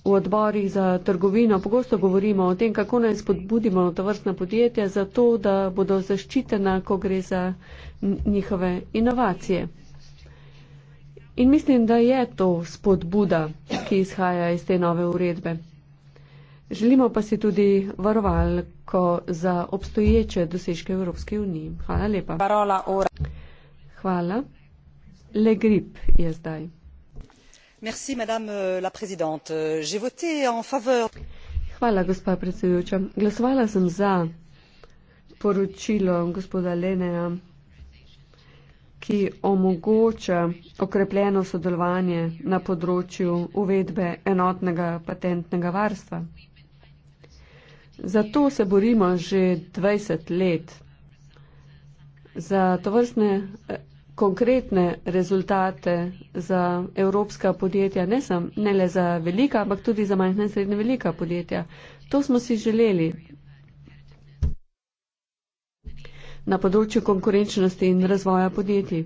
v odborih za trgovino. Pogosto govorimo o tem, kako naj spodbudimo to vrstna podjetja za to, da bodo zaščitena, ko gre za njihove inovacije. In mislim, da je to spodbuda, ki izhaja iz te nove uredbe. Želimo pa si tudi varovalko za obstoječe dosežke Evropske unije. Hvala lepa. Hvala. Le grip je zdaj madame euh, la présidente euh, j'ai voté en faveur Hvala, gospa predsedujoča. Glasovala sem za poročilo gospoda Leneja, ki omogoča okrepljeno sodelovanje na področju uvedbe enotnega patentnega varstva. Zato se borimo že 20 let za to vrstne konkretne rezultate za evropska podjetja, ne, sem, ne le za velika, ampak tudi za majhna in srednja velika podjetja. To smo si želeli. Na področju konkurenčnosti in razvoja podjetij.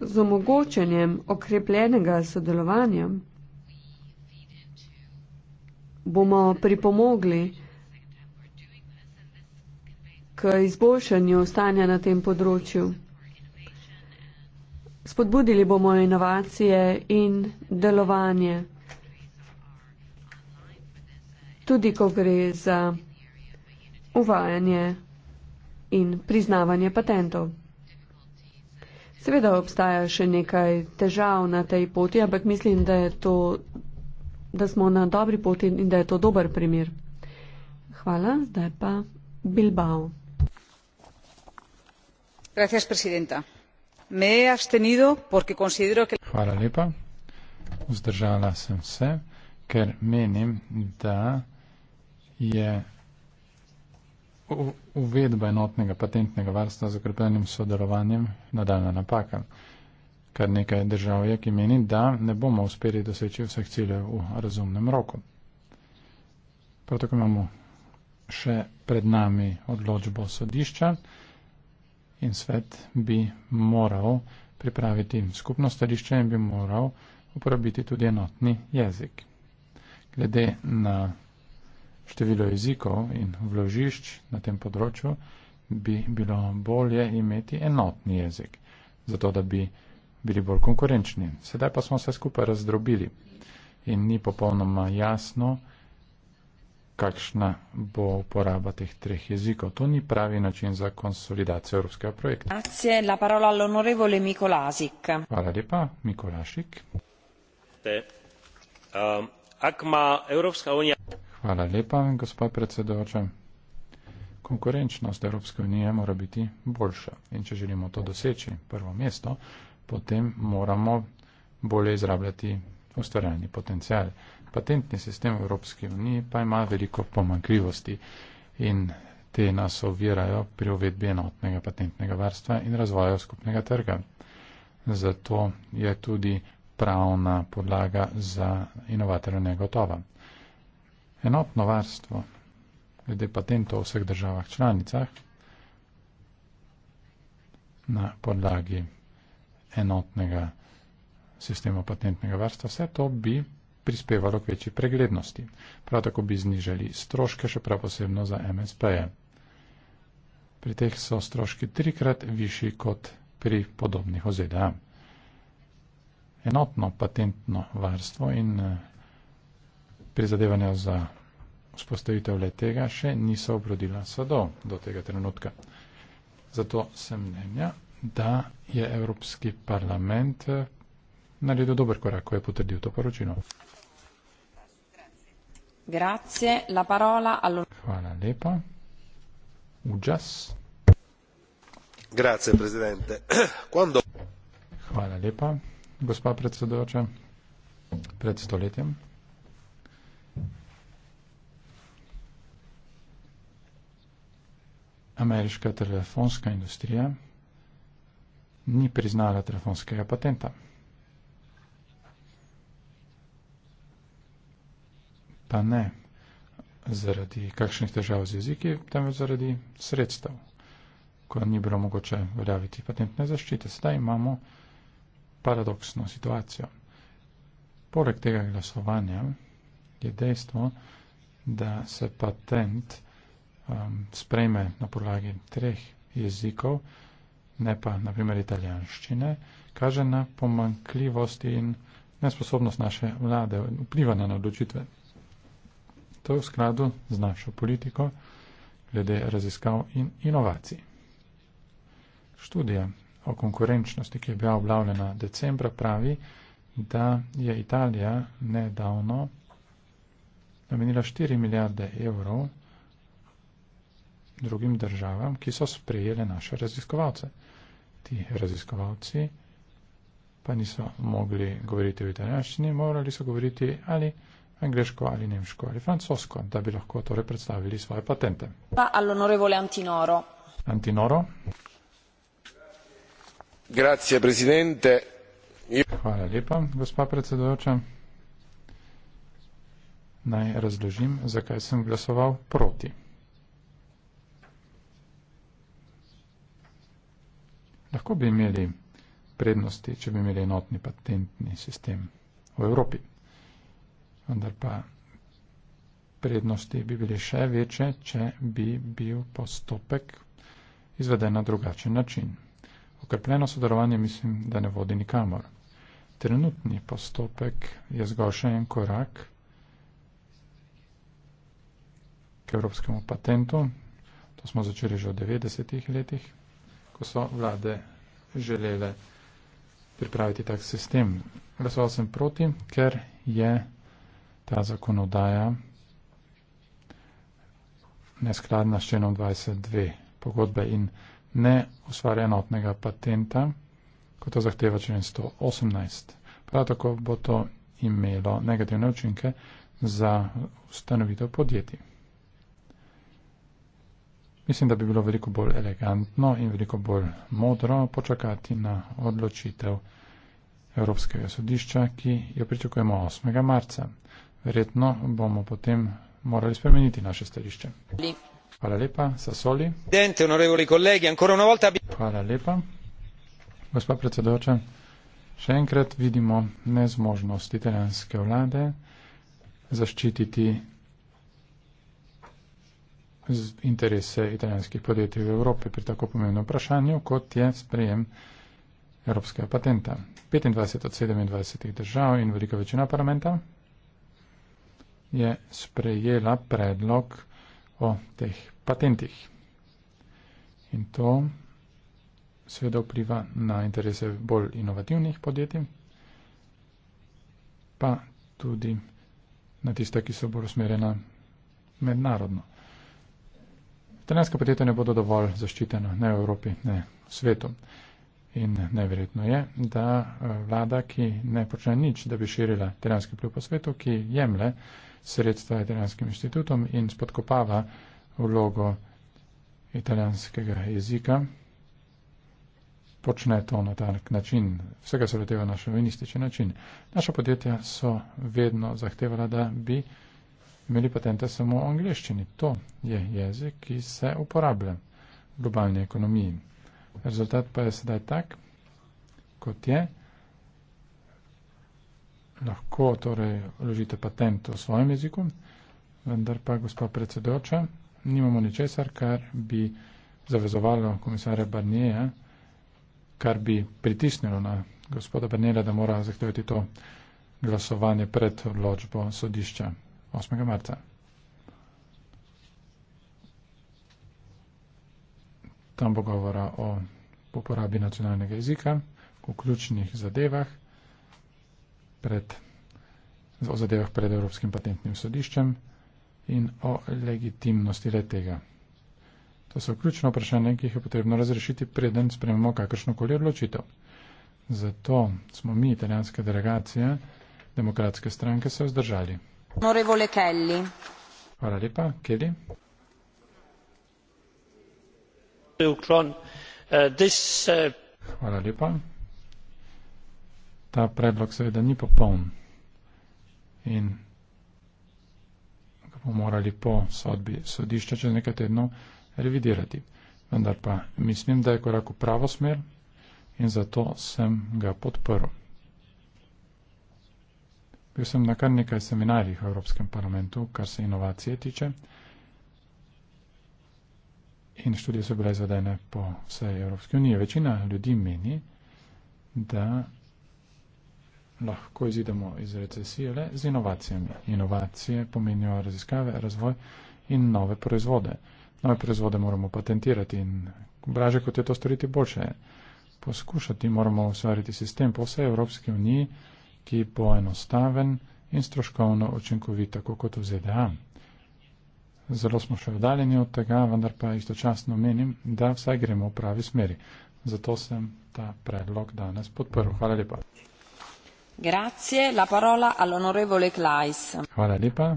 Z omogočenjem okrepljenega sodelovanja bomo pripomogli k izboljšanju stanja na tem področju. Spodbudili bomo inovacije in delovanje. Tudi ko gre za uvajanje in priznavanje patentov. Seveda obstaja še nekaj težav na tej poti, ampak mislim, da, to, da smo na dobri poti in da je to dober primer. Hvala, zdaj pa Bilbao. Gracias, presidenta me he abstenido porque considero que. Hvala lepa. Vzdržala sem se, ker menim, da je uvedba enotnega patentnega varstva z okrepljenim sodelovanjem nadaljna napaka. Kar nekaj držav je, ki meni, da ne bomo uspeli doseči vseh ciljev v razumnem roku. Prav tako imamo še pred nami odločbo sodišča in svet bi moral pripraviti skupno stališče in bi moral uporabiti tudi enotni jezik. Glede na število jezikov in vložišč na tem področju bi bilo bolje imeti enotni jezik, zato da bi bili bolj konkurenčni. Sedaj pa smo se skupaj razdrobili in ni popolnoma jasno, kakšna bo uporaba teh treh jezikov. To ni pravi način za konsolidacijo evropskega projekta. Grazie, la parola all'onorevole Mikolasik. Hvala lepa, Mikolasik. Um, unija... Hvala lepa, gospod predsedujoča. Konkurenčnost Evropske unije mora biti boljša in če želimo to doseči prvo mesto, potem moramo bolje izrabljati ustvarjalni potencial patentni sistem Evropske unije pa ima veliko pomankljivosti in te nas ovirajo pri uvedbi enotnega patentnega varstva in razvoju skupnega trga. Zato je tudi pravna podlaga za inovatorja negotova. Enotno varstvo glede patentov v vseh državah članicah na podlagi enotnega sistema patentnega varstva, vse to bi prispevalo k večji preglednosti. Prav tako bi znižali stroške, še prav posebno za MSP-je. Pri teh so stroški trikrat višji kot pri podobnih OZDA. Enotno patentno varstvo in eh, prizadevanja za vzpostavitev le tega še niso obrodila sadov do tega trenutka. Zato sem mnenja, da je Evropski parlament eh, naredil dober korak, ko je potrdil to poročilo. Grazie, la parola allo... Hvala lepa. Uđas. Grazie, presidente. *clears throat* Quando... Hvala lepa, gospa predsedujoča, pred stoletjem. Ameriška telefonska industrija ni priznala telefonskega patenta. pa ne zaradi kakšnih težav z jeziki, temveč zaradi sredstev, ko ni bilo mogoče veljaviti patentne zaščite. Sedaj imamo paradoksno situacijo. Poleg tega glasovanja je dejstvo, da se patent um, sprejme na podlagi treh jezikov, ne pa naprimer italijanščine, kaže na pomankljivost in nesposobnost naše vlade vplivanja na odločitve To je v skladu z našo politiko glede raziskav in inovacij. Študija o konkurenčnosti, ki je bila objavljena decembra, pravi, da je Italija nedavno namenila 4 milijarde evrov drugim državam, ki so sprejele naše raziskovalce. Ti raziskovalci pa niso mogli govoriti v italijanščini, morali so govoriti ali angliško ali nemško ali francosko, da bi lahko torej predstavili svoje patente. Pa all'onorevole Antinoro. Antinoro. Grazie, presidente. Io... Hvala lepa, gospa predsedujoča. Naj razložim, zakaj sem glasoval proti. Lahko bi imeli prednosti, če bi imeli enotni patentni sistem v Evropi vendar pa prednosti bi bile še večje, če bi bil postopek izveden na drugačen način. Okrepljeno sodelovanje mislim, da ne vodi nikamor. Trenutni postopek je zgolj še en korak k evropskemu patentu. To smo začeli že v 90-ih letih, ko so vlade želele pripraviti tak sistem. Glasoval sem proti, ker je ta zakonodaja neskladna s členom 22 pogodbe in ne ustvarja enotnega patenta, kot to zahteva člen 118. Prav tako bo to imelo negativne učinke za ustanovitev podjetij. Mislim, da bi bilo veliko bolj elegantno in veliko bolj modro počakati na odločitev Evropskega sodišča, ki jo pričakujemo 8. marca. Verjetno bomo potem morali spremeniti naše stališče. Hvala lepa, Sasoli. Dente, kolegi, volta... Hvala lepa, gospod predsedoča. Še enkrat vidimo nezmožnost italijanske vlade zaščititi interese italijanskih podjetij v Evropi pri tako pomembnem vprašanju, kot je sprejem evropskega patenta. 25 od 27 držav in velika večina parlamenta je sprejela predlog o teh patentih. In to seveda vpliva na interese bolj inovativnih podjetij, pa tudi na tiste, ki so bolj usmerjena mednarodno. Italijanska podjetja ne bodo dovolj zaščitena ne v Evropi, ne v svetu. In neverjetno je, da eh, vlada, ki ne počne nič, da bi širila italijanski pliv po svetu, ki jemle sredstva italijanskim inštitutom in spodkopava vlogo italijanskega jezika. Počne to na tak način, vsega se loteva naš ministričen način. Naša podjetja so vedno zahtevala, da bi imeli patente samo v angliščini. To je jezik, ki se uporablja v globalni ekonomiji. Rezultat pa je sedaj tak, kot je lahko torej vložite patent v svojem jeziku, vendar pa, gospod predsedoča, nimamo ničesar, kar bi zavezovalo komisarja Barnija, kar bi pritisnilo na gospoda Barnija, da mora zahtevati to glasovanje pred odločbo sodišča 8. marca. Tam bo govora o uporabi nacionalnega jezika v ključnih zadevah pred, o zadevah pred Evropskim patentnim sodiščem in o legitimnosti letega. To so ključno vprašanje, ki jih je potrebno razrešiti, preden sprememo kakršno koli odločitev. Zato smo mi, italijanska delegacija, demokratske stranke, se vzdržali. Morevole Kelly. Hvala lepa. Kelly. Uh, uh, Hvala lepa ta predlog seveda ni popoln in ga bomo morali po sodbi sodišča čez nekaj tednov revidirati. Vendar pa mislim, da je korak v pravo smer in zato sem ga podprl. Bil sem na kar nekaj seminarjih v Evropskem parlamentu, kar se inovacije tiče. In študije so bile izvedene po vsej Evropski uniji. Večina ljudi meni, da lahko izidemo iz recesije le z inovacijami. Inovacije pomenijo raziskave, razvoj in nove proizvode. Nove proizvode moramo patentirati in braže, kot je to storiti, boljše je. Poskušati moramo ustvariti sistem po vsej Evropski uniji, ki bo enostaven in stroškovno učinkovit, tako kot v ZDA. Zelo smo še oddaljeni od tega, vendar pa istočasno menim, da vsaj gremo v pravi smeri. Zato sem ta predlog danes podprl. Hvala lepa. Grazie, la parola all'onorevole Klaes. Hvala lepa.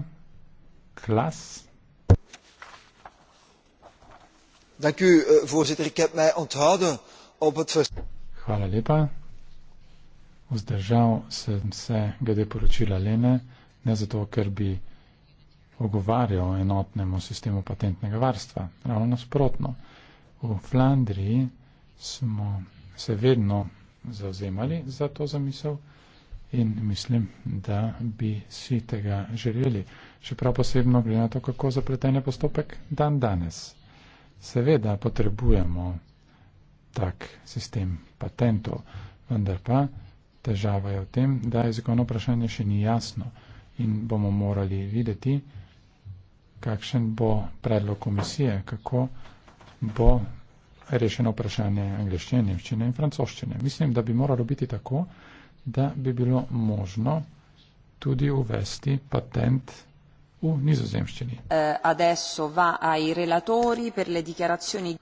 Klaes. Dank u, eh, voorzitter. Ik heb mij onthouden op het vers. Hvala lepa. Vzdržal sem se glede poročila Lene, ne zato, ker bi ogovarjal enotnemu sistemu patentnega varstva. Ravno nasprotno. V Flandriji smo se vedno zauzemali za to zamisel in mislim, da bi si tega želeli. Še prav posebno glede na to, kako zapleten je postopek dan danes. Seveda potrebujemo tak sistem patentov, vendar pa težava je v tem, da jezikovno vprašanje še ni jasno in bomo morali videti, kakšen bo predlog komisije, kako bo rešeno vprašanje angliščine, nemščine in francoščine. Mislim, da bi moralo biti tako, da bi bilo možno tudi uvesti patent v nizozemščini. Eh,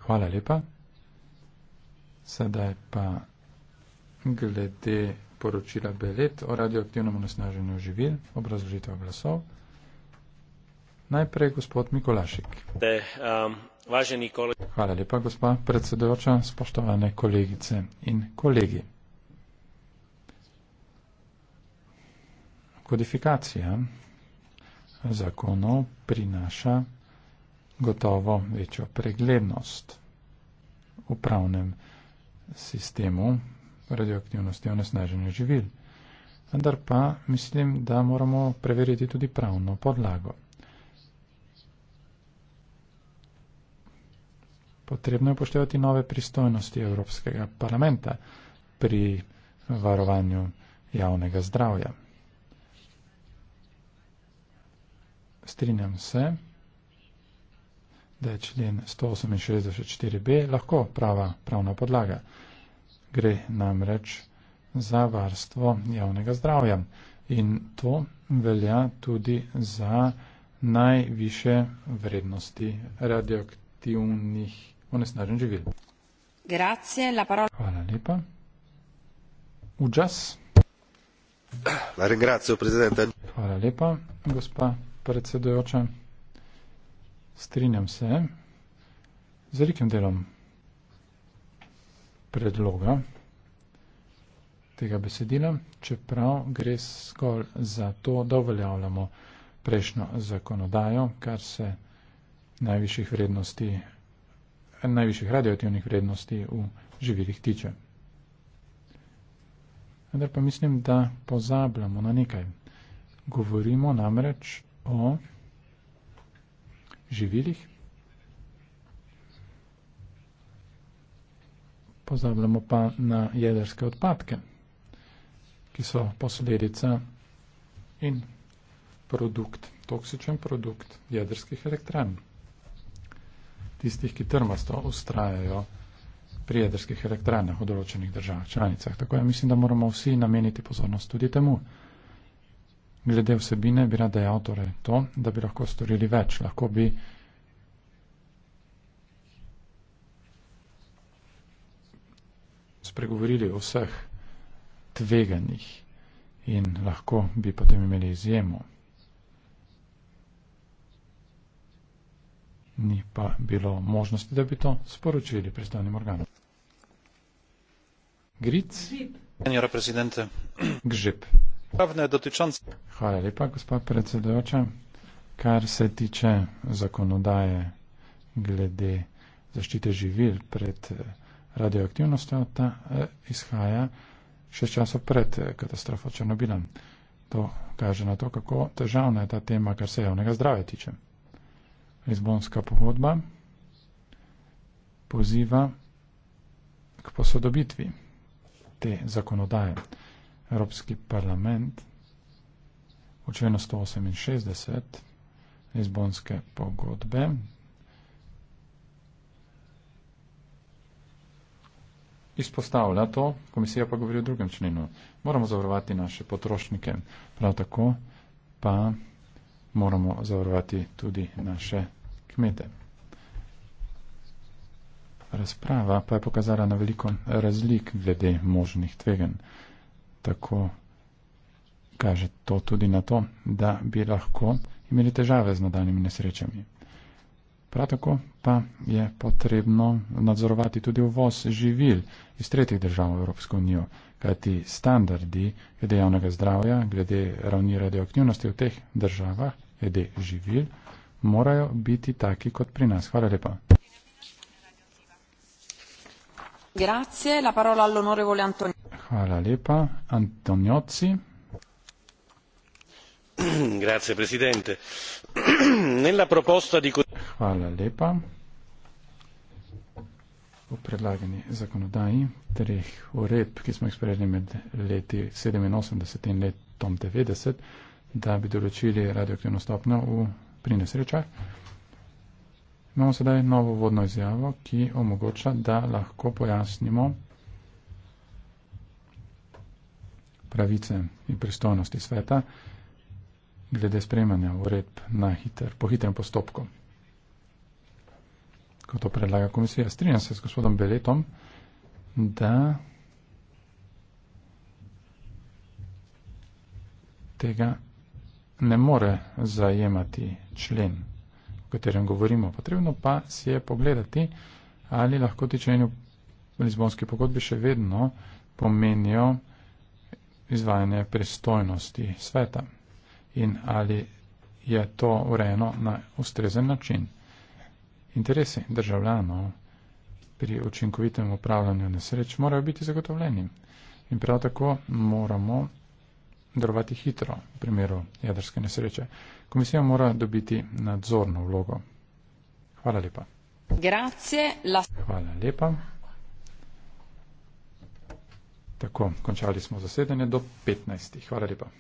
Hvala lepa. Sedaj pa glede poročila Belet o radioaktivnem onesnaženju živil, obrazložitev glasov. Najprej gospod Mikolašik. De, um, Hvala lepa, gospa predsedujoča, spoštovane kolegice in kolegi. kodifikacija zakonov prinaša gotovo večjo preglednost v pravnem sistemu radioaktivnosti onesnaženja živil. Vendar pa mislim, da moramo preveriti tudi pravno podlago. Potrebno je upoštevati nove pristojnosti Evropskega parlamenta pri varovanju javnega zdravja. strinjam se, da je člen 168.4b lahko prava pravna podlaga. Gre namreč za varstvo javnega zdravja in to velja tudi za najviše vrednosti radioaktivnih onesnaženj živil. Grazie, la parola. Hvala lepa. Uđas. La ringrazio, Presidente. Hvala lepa, gospa predsedujoča. Strinjam se z velikim delom predloga tega besedila, čeprav gre skolj za to, da uveljavljamo prejšnjo zakonodajo, kar se najvišjih vrednosti, najvišjih radioaktivnih vrednosti v živilih tiče. Vendar pa mislim, da pozabljamo na nekaj. Govorimo namreč o živilih. Pozabljamo pa na jedrske odpadke, ki so posledica in produkt, toksičen produkt jedrskih elektran. Tistih, ki trmasto ustrajajo pri jedrskih elektranah v določenih državah članicah. Tako je, ja mislim, da moramo vsi nameniti pozornost tudi temu. Glede vsebine bi rad dejal torej to, da bi lahko storili več. Lahko bi spregovorili o vseh tveganjih in lahko bi potem imeli izjemo. Ni pa bilo možnosti, da bi to sporočili predstavnim organom. Gric? Gžip prawne dotyczące. Hvala lepa, gospod predsedujoča. Kar se tiče zakonodaje glede zaščite živil pred eh, radioaktivnostjo, ta eh, izhaja še časo pred eh, katastrofo Černobila. To kaže na to, kako težavna je ta tema, kar se javnega zdravja tiče. Lizbonska pogodba poziva k posodobitvi te zakonodaje. Evropski parlament, učeno 168 Lizbonske pogodbe, izpostavlja to, komisija pa govori o drugem členu. Moramo zavarovati naše potrošnike, prav tako pa moramo zavarovati tudi naše kmete. Razprava pa je pokazala na veliko razlik glede možnih tveganj tako kaže to tudi na to, da bi lahko imeli težave z nadaljnimi nesrečami. Prav tako pa je potrebno nadzorovati tudi uvoz živil iz tretjih držav v Evropsko unijo, kajti standardi glede javnega zdravja, glede ravni radioaktivnosti v teh državah, glede živil, morajo biti taki kot pri nas. Hvala lepa. Grazie, la parola all'onorevole Antonio. Hvala lepa. Antonioci. *clears throat* Grazie presidente. *clears throat* Nella proposta di Hvala lepa. V predlagani zakonodaji treh uredb, ki smo jih sprejeli med leti 87 in letom 90, da bi določili radioaktivno stopnjo v pri nesrečah. Imamo sedaj novo vodno izjavo, ki omogoča, da lahko pojasnimo pravice in pristojnosti sveta glede spremanja uredb na hiter, po hitrem postopku. Ko to predlaga komisija, strinjam se s gospodom Beletom, da tega ne more zajemati člen, o katerem govorimo. Potrebno pa si je pogledati, ali lahko ti členi v Lizbonski pogodbi še vedno pomenijo izvajanje pristojnosti sveta in ali je to urejeno na ustrezen način. Interesi državljanov pri učinkovitem upravljanju nesreč morajo biti zagotovljeni in prav tako moramo delovati hitro v primeru jedrske nesreče. Komisija mora dobiti nadzorno vlogo. Hvala lepa. Grazie, la... Hvala lepa. Tako, končali smo zasedanje do 15. Hvala lepa.